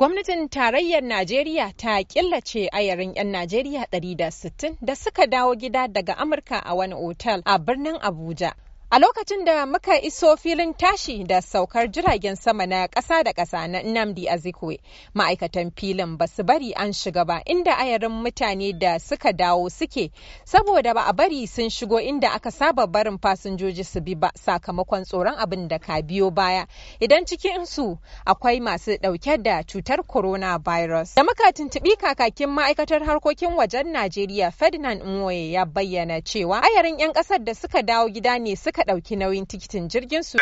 Gwamnatin tarayyar Najeriya ta killace ayarin 'yan Najeriya 160 da suka dawo gida daga Amurka a wani otal a birnin Abuja A lokacin da muka iso filin tashi da saukar jiragen sama na ƙasa da ƙasa na Nnamdi Azikwe, ma'aikatan filin ba su bari an shiga ba inda ayarin mutane da suka dawo suke, saboda ba a bari sun shigo inda aka saba barin fasinjoji su bi ba sakamakon tsoron abin da ka biyo baya. Idan cikin su akwai masu ɗauke da cutar coronavirus. Da muka tuntuɓi kakakin ma'aikatar harkokin wajen Najeriya Ferdinand Nwoye ya bayyana cewa ayarin 'yan ƙasar da suka dawo gida ne suka aka ɗauki nauyin tikitin jirgin su.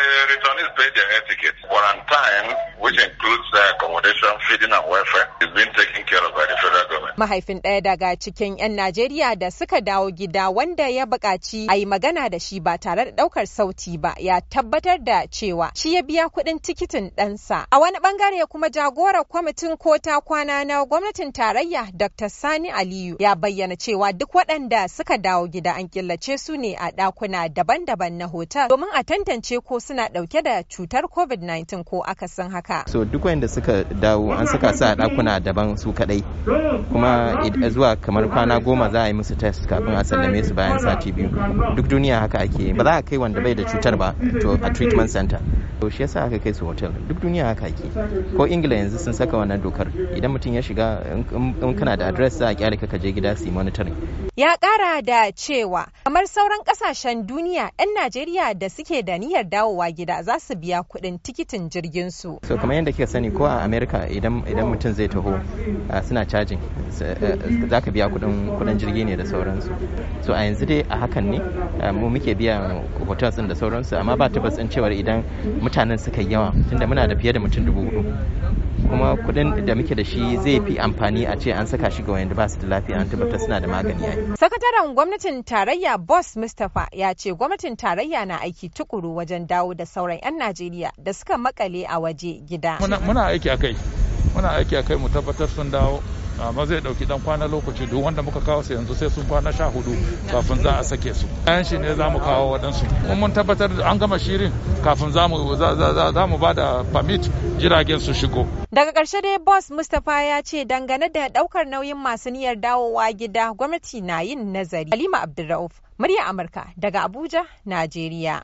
Mahaifin ɗaya daga cikin 'yan Najeriya da suka dawo gida wanda ya buƙaci a yi magana da shi ba tare da ɗaukar sauti ba ya tabbatar da cewa shi ya biya kuɗin tikitin ɗansa. A wani ɓangare kuma jagorar kwamitin ko ta kwana na gwamnatin tarayya Dr. Sani Aliyu ya bayyana cewa duk waɗanda suka dawo gida an killace su ne a ɗakuna daban-daban na na hotel domin a tantance ko suna ɗauke da cutar covid-19 ko aka san haka. so duk wanda suka dawo an suka sa a ɗakuna daban su kaɗai kuma zuwa kamar kwana goma za a yi musu test kafin a sallame su bayan sati biyu duk duniya haka ake ba za a kai wanda bai da cutar ba to a treatment center to shi yasa aka kai su hotel duk duniya haka ake ko ingila yanzu sun saka wannan dokar idan mutum ya shiga in kana da address za a kyale ka je gida su monitoring ya kara da cewa kamar sauran kasashen duniya 'yan najeriya da suke da niyyar dawowa gida za su biya kuɗin tikitin jirgin su so kamar yadda kika sani ko a america idan mutum zai taho suna cajin za ka biya kuɗin jirgi ne da sauransu so a yanzu dai a hakan ne mu muke biya hotels din da sauransu amma ba tabbas cewar idan mutanen suka yawa tunda muna da fiye da mutum dubu hudu kuma kuɗin da muke da shi zai fi amfani a ce an saka shi ga wanda ba su da lafiya an tabbatar suna da magani yayi. Sakataren gwamnatin tarayya Boss Mustapha ya ce gwamnatin tarayya na aiki tukuru wajen dawo da sauran 'yan Najeriya da suka makale a waje gida. Muna aiki akai, muna aiki akai mu tabbatar sun dawo. amma zai dauki dan kwana lokaci duk wanda muka kawo su yanzu sai sun kwana sha hudu kafin za a sake su kayan shi ne za mu kawo waɗansu mun mun tabbatar an gama shirin kafin za mu za mu ba da permit jiragen su shigo daga karshe dai boss mustapha ya ce dangane da ɗaukar nauyin masu niyyar dawowa gida gwamnati na yin nazari halima abdulrauf murya amurka daga abuja najeriya